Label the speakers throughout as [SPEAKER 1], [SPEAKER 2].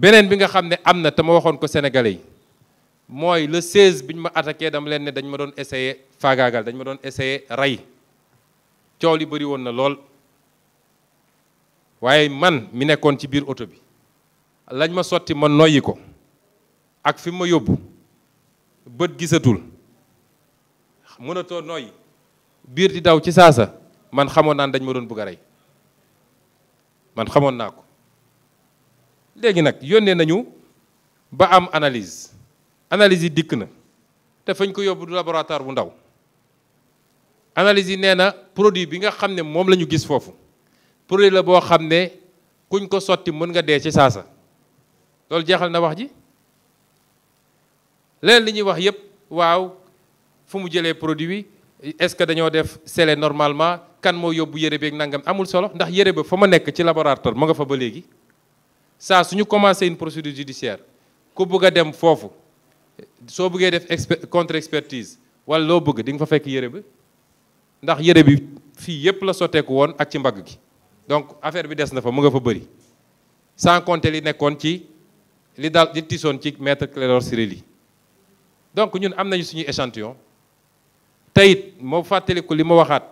[SPEAKER 1] beneen bi nga xam ne am na te ma waxoon ko sénégalais yi mooy le 16 bi ñu ma attaqué dama leen ne dañ ma doon essayé faagaagal dañ ma doon essayé rey coow li bëri woon na lool waaye man mi nekkoon ci biir oto bi lañ ma sotti ma noyyi ko ak fi ma yóbbu bët gisatul mënatoo noyyi biir di daw ci saasa man xamoon naan dañ ma doon bëgg rey man xamoon naa ko léegi nag yónnee nañu ba am analyse analyse yi dikk na te fañ ko yóbbu du laboratoire bu ndaw analyse yi nee na produit bi nga xam ne moom la ñu gis foofu produit la boo xam ne kuñ ko sotti mën nga dee ci saasa loolu jeexal na wax ji leneen li ñuy wax yépp waaw fu mu jëlee produit bi est-ce que dañoo def scellé normalement kan moo yóbbu yére bi ak nangam amul solo ndax yére ba fa ma nekk ci laboratoire ma nga fa ba léegi saa suñu ñu commencé une procédure judiciaire ku bëgg a dem foofu soo bëggee def exper contre expertise wala loo bëgg di nga fa fekk yére bi ndax yére bi fii yépp la sotteeku woon ak ci mbagg gi donc affaire bi des na fa mu nga fa bëri sans compter li nekkoon ci li daal li tisoon ci maître Clédor Ciré Ly donc ñun am nañu suñu échantillon teyit moo fàttaliku li ma waxaat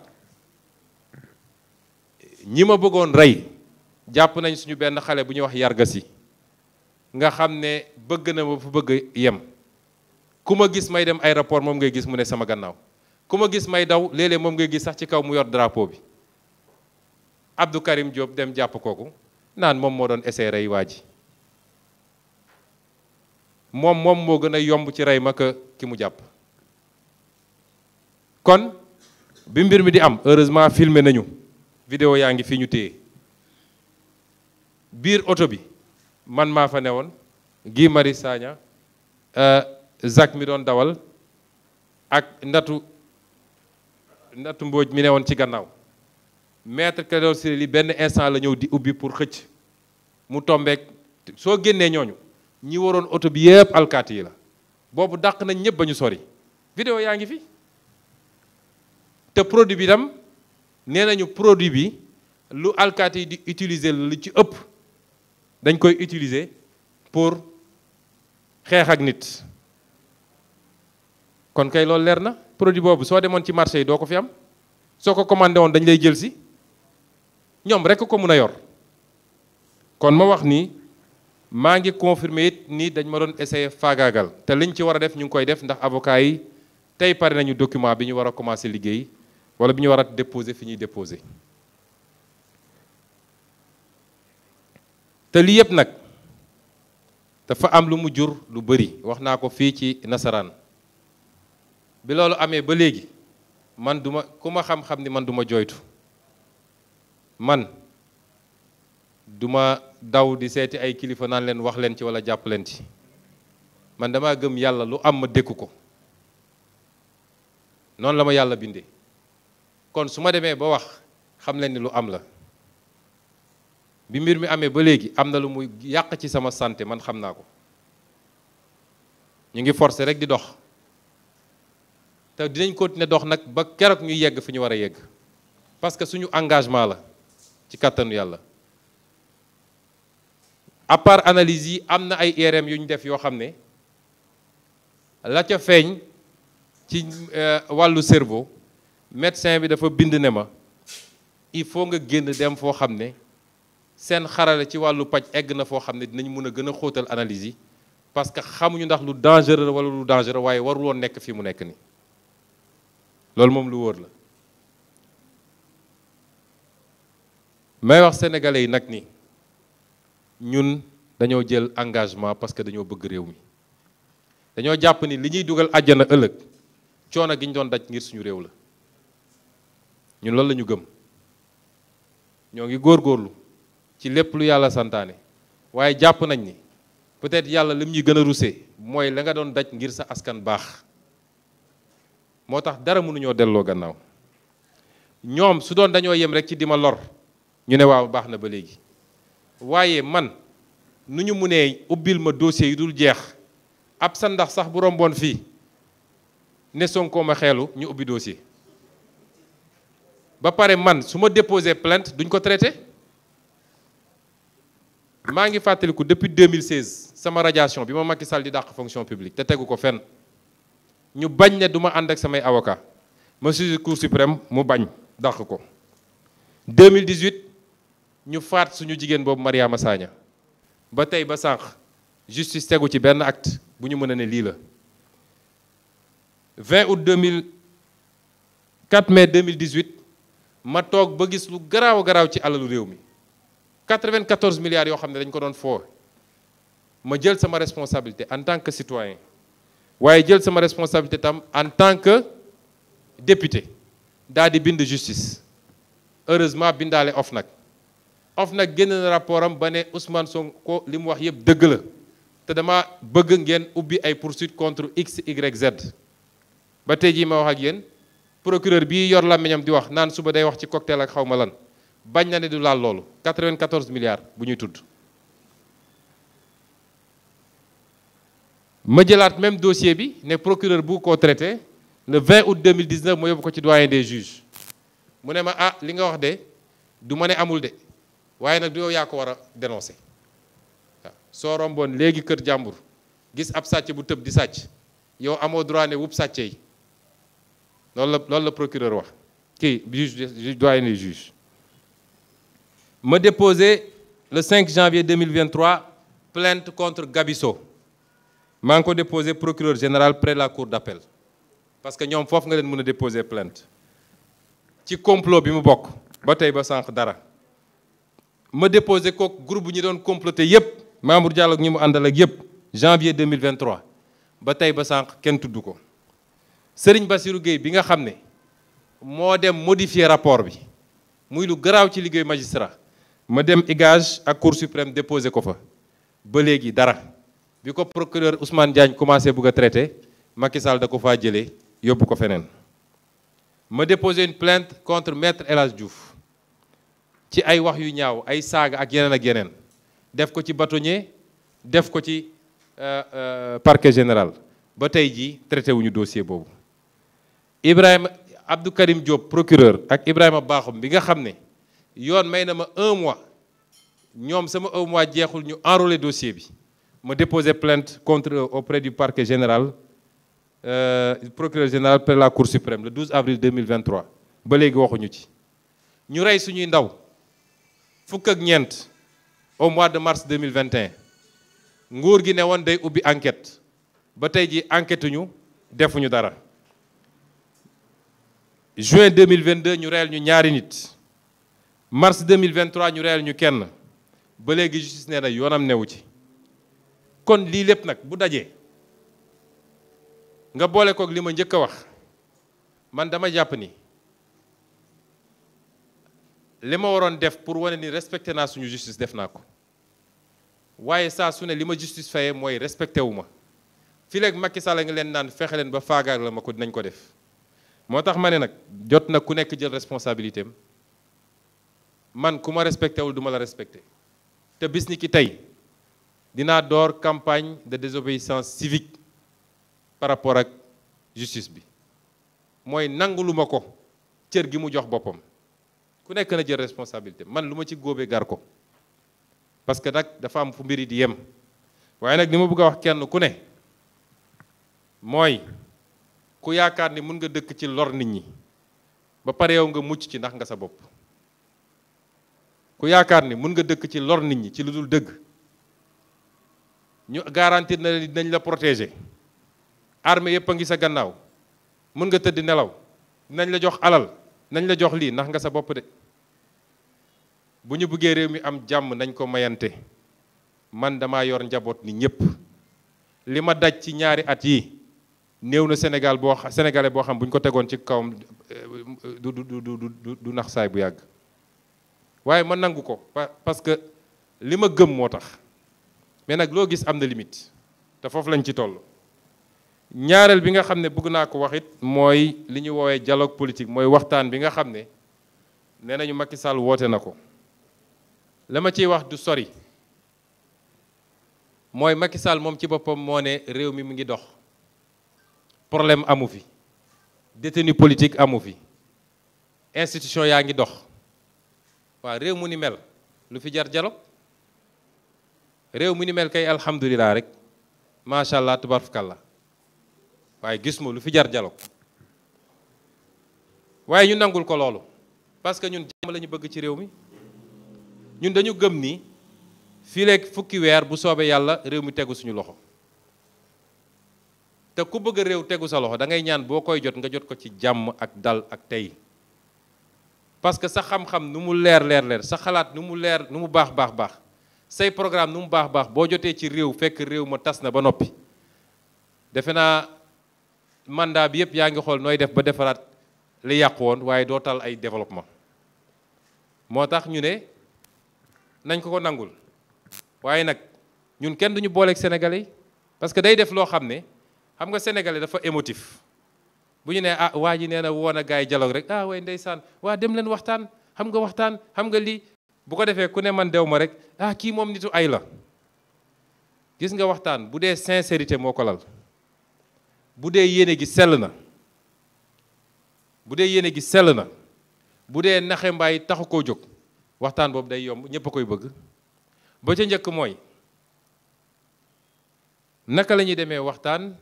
[SPEAKER 1] ñi ma bëggoon rey jàpp nañ suñu benn xale bu ñuy wax yargasi nga xam ne bëgg na ma fu bëgg yem ku ma gis may dem aéroport moom ngay gis mu ne sama gannaaw ku ma gis may daw léeg-léeg moom ngay gis sax ci kaw mu yor drapeau bi Abdou Karim Diop dem jàpp kooku naan moom moo doon essayé rey waa ji moom moom moo gën a yomb ci rey ma ki mu jàpp kon bi mbir mi di am heureusement filmé nañu vidéo yaa ngi fii ñu téye biir oto bi man maa fa newoon Guy Marius saaña euh, Zak mi doon dawal ak ndatu ndatu mbooj mi newoon ci gannaaw maître Clédor Ciré Ly benn instant la ñëw di ubbi pour xëcc mu tombeek soo génnee ñooñu ñi waroon oto bi yëpp alkaati yi la boobu daq nañ ñëpp ba ñu sori vidéo yaa ngi fi te produit bi tam nee nañu produit bi lu alkaati yi di utiliser lu ci ëpp dañ koy utiliser pour xeex ak nit kon kay lool leer na produit boobu soo demoon ci marché yi doo ko fi am soo ko commandé woon dañ lay jël si ñoom rekk ko mun a yor kon ma wax nii maa ngi confirmer it ni dañ ma doon essayer faagaagal te liñ ci war a def ñu ngi koy def ndax avocat yi tey pare nañu document bi ñu war a commencer liggéey walla bi ñu war a déposer fi ñuy déposer te lii yëpp nag dafa am lu mu jur lu bari wax naa ko fii ci nasaraan bi loolu amee ba léegi man duma ku ma xam-xam ni man duma jooytu man duma daw di seeti ay kilifa naan leen wax leen ci walla jàpp leen ci man dama gëm yàlla lu am ma dékku ko noonu la ma yàlla bindee kon su ma demee ba wax xam leen ni lu am la bi mbir mi amee ba léegi am na lu muy yàq ci sama santé man xam naa ko ñu ngi forcé rek di dox te dinañ ko continuer dox nag ba keroog ñuy yegg fi ñu war a yegg parce que suñu engagement la ci kàttanu yàlla à part analyse yi am na ay IRM yu ñu def yoo xam ne la ca feeñ ci euh, wàllu cerveau médecin bi dafa bind ne ma il faut nga génn dem foo xam ne seen xarale ci wàllu paj egg na foo xam ne dinañ mën a gën a xootal analyse yi parce que xamuñu ndax lu dangereux wala lu dangereux waaye waruloon nekk fi mu nekk ni loolu moom lu wóor la may wax sénégalais yi nag ni ñun dañoo jël engagement parce que dañoo bëgg réew mi dañoo jàpp ni li ñuy dugal àjjana ëllëg coono gi ñu doon daj ngir suñu réew la ñun loolu la ñu gëm ñoo ngi góorgóorlu ci lépp lu yàlla santaane waaye jàpp nañ ni peut-être yàlla lim ñuy gën a rusee mooy la nga doon daj ngir sa askan baax moo tax dara mënuñoo delloo gannaaw ñoom su doon dañoo yem rek ci di ma lor ñu ne waaw baax na ba léegi waaye man nu ñu munee ubbil ma dossier yu dul jeex ab sa ndax sax bu romboon fii ne Sonko ma xeelu ñu ubbi dossier ba pare man su ma déposé plainte duñ ko traité maa ngi fàttaliku depuis 2016 sama radiation bi ma Macky Sall di dàq fonction publique te tegu ko fenn ñu bañ ne du ma ànd ak samay avocat ma saisir cour suprême mu bañ dàq ko 2018 ñu faat suñu jigéen boobu Mariama Sagna ba tey ba sànq justice tegu ci benn acte bu ñu mën a ne lii la 20 août 2000 4 mai 2018 ma toog ba gis lu garaaw garaaw ci alalu réew mi 94 milliards yoo xam ne dañ ko doon foo ma jël sama responsabilité en tant que citoyen waaye jël sama responsabilité tam en tant que député daal di bind justice heureusement bindaale OFNAC OFNAC génn na rapport am ba ne Ousmane Sonko li mu wax yëpp dëgg la te dama bëgg ngeen ubbi ay poursuite contre x y z ba tey jii ma wax ak yéen procureur bi yor làmmiñam di wax naan suba day wax ci cocktail ak xaw ma lan bañ na ne du laal loolu 94 milliards bu ñuy tudd ma jëlaat même dossier bi ne procureur bu ko traité le 20 août 2019 ma yóbbu ko ci doyen des juges mu ne ma ah li nga wax de du ma ne amul de waaye nag du yow yaa ko war a dénoncé soo romboon léegi kër jàmbur gis ab sàcc bu tëb di sàcc yow amoo droit ne wupp sàcce yi loolu la loolu la procureur wax kii juge doyen des juges ma déposé le 5 janvier 2023 plainte contre Gabisso maa ngi ko déposé procureur général pre la cour d'appel parce que ñoom foofu nga leen mën a déposé plainte ci complot bi mu bokk ba tey ba sànq dara ma déposé ko groupe bu ñu doon comploté yépp Mamour Diallo ak mu àndal ak yépp janvier 2023 ba tey ba sànq kenn tudd ko Serigne Bassirou Gueye bi nga xam ne moo dem modifier rapport bi muy lu garaaw ci liggéey magistrat ma dem IGAJ ak cour supreme déposé ko fa ba léegi dara bi ko procureur Ousmane Diagne commencé bugg a traité Macky Sall da ko faa jëlee yóbbu ko feneen ma déposé une plainte contre maître El Hadj ci ay wax yu ñaaw ay saaga ak yeneen ak yeneen def ko ci bâtonnier def ko ci euh, euh, parquet général ba tey jii traité wuñu dossier boobu Ibrahima Abdou Karim Diop procureur ak Ibrahima Bakhoum bi nga xam ne yoon may na ma un mois ñoom sama un mois jeexul ñu enrôler dossier bi ma déposer plainte contre auprès du parquet général euh, procureur général près la cour suprême le 12 avril 2023 ba léegi waxuñu ci ñu rey suñuy ndaw fukk ak ñeent au mois de mars 2021 nguur gi ne woon day ubbi enquête ba tey ji enquête ñu defuñu dara juin 2022 ñu reyal ñu ñaari nit mars 2023 ñu reyal ñu kenn ba léegi justice nee na yoonam newu ci kon lii lépp nag bu dajee nga boole kook li ma njëkk a wax man dama jàpp ni li ma waroon def pour wane ni respecté naa suñu justice def naa ko waaye saa su ne li ma justice fayee mooy respecté wu ma fii léegi Macky Sall nga leen naan fexe leen ba faagaag la ma ko dinañ ko def moo tax ma ne nag jot na ku nekk jël responsabilité am man ku ma respecté wul du la respecté te bis ni ki tey dinaa door campagne de désobéissance civique par rapport ak justice bi mooy nangu lu ko cër gi mu jox boppam ku nekk na jël responsabilité man lu ma ci góobee gar ko parce que nag dafa am fu mbiri di yem waaye nag li ma bugg a wax kenn ku ne mooy ku yaakaar ni mun nga dëkk ci lor nit ñi ba pare yow nga mucc ci ndax nga sa bopp ku yaakaar ni mun nga dëkk ci lor nit ñi ci lu dul dëgg ñu garantir na leen dinañ la protéger armée yëpp a ngi sa gannaaw mun nga tëdd nelaw nañ la jox alal nañ la jox lii ndax nga sa bopp de bu ñu buggee réew mi am jàmm nañ ko mayante man damaa yor njaboot ni ñëpp li ma daj ci ñaari at yi néew na Sénégal boo Sénégalais boo xam bu ñu ko tegoon ci kawam euh, du du du du du nax saay bu yàgg. waaye ma nangu ko parce que li ma gëm moo tax mais nag loo gis am na limite te foofu lañ ci toll ñaareel bi nga xam ne bëgg naa ko wax it mooy li ñuy woowee dialogue politique mooy waxtaan bi nga xam ne nee nañu Macky Sall woote na ko la ciy wax du sori mooy Macky moom ci boppam moo ne réew mi mu ngi dox problème amu fi détenu politique amu fi institution yaa ngi dox waa réew mu ni mel lu fi jar dialogue réew mu ni mel kay alhamdulilah rek macha allah la waaye gis ma lu fi jar dialogue waaye ñu nangul ko loolu parce que ñun jàmm la bëgg ci réew mi ñun dañu gëm ni fii leeg fukki weer bu soobee yàlla réew mi tegu suñu loxo te ku bëgg réew tegu sa loxo da ngay ñaan boo koy jot nga jot ko ci jàmm ak dal ak tey parce que sa xam-xam nu mu leer leer leer sa xalaat nu mu leer nu mu baax baax baax say programme nu mu baax baax boo jotee ci réew fekk réew ma tas na ba noppi defe naa mandat bi yëpp yaa ngi xool nooy def ba defaraat li yàqu woon waaye doo tal ay développement moo tax ñu ne nañ ko ko nangul waaye nag ñun kenn duñu booleeg sénégalais parce que day def loo xam ne xam nga sénégalais dafa émotif bu ñu nee ah waa ji nee na woon a gaa yi dialogue rek ah ndeysaan waa dem leen waxtaan xam nga waxtaan xam nga lii bu ko defee ku ne man dew ma rek ah kii moom nitu ay la gis nga waxtaan bu dee sincérité moo ko lal bu dee yéene gi sell na bu dee yéene gi sell na bu dee naxe mbaay taxu koo jóg waxtaan boobu day yomb ñépp a koy bëgg ba ca njëkk mooy naka la ñuy demee waxtaan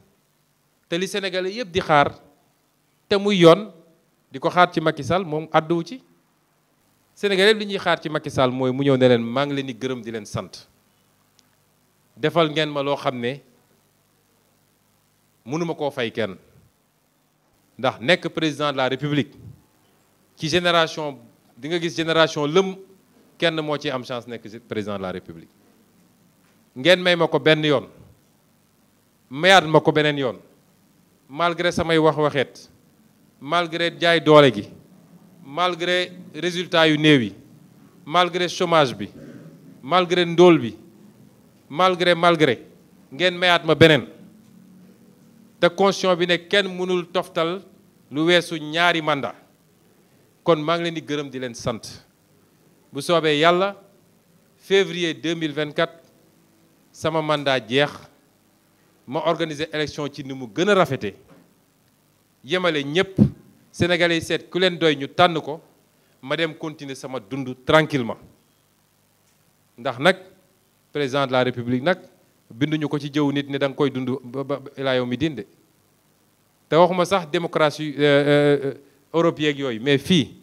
[SPEAKER 1] te li Sénégalais yépp di xaar te muy yoon di ko xaar ci Macky Sall moom àdduwu ci Sénégalais li ñuy xaar ci Macky Sall mooy mu ñëw ne leen maa ngi leen di gërëm di leen sant defal ngeen ma loo xam ne mënuma koo fay kenn ndax nekk président de la république ci génération di nga gis génération lëm kenn moo ci am chance nekk président de la république ngeen may ma ko benn yoon mayaat ma ko beneen yoon malgré samay wax waxeet malgré jaay doole gi malgré résultat yu néew yi malgré chômage bi malgré ndool bi malgré malgré ngeen mayaat ma beneen te constitution bi ne kenn mënul toftal lu weesu ñaari mandat kon maa ngi leen di gërëm di leen sant bu soobee yàlla février 2024 sama mandat jeex ma organiser élection ci ni mu gën a rafete yemale ñépp sénégalais yi seet ku leen doy ñu tànn ko ma dem continuer sama dund tranquillement ndax nag président de la république nag binduñu ko ci jëw nit ne da nga koy dund ba ilaa yow mi dinde te waxuma sax démocratie euh, euh, euh, européenne yooyu mais fii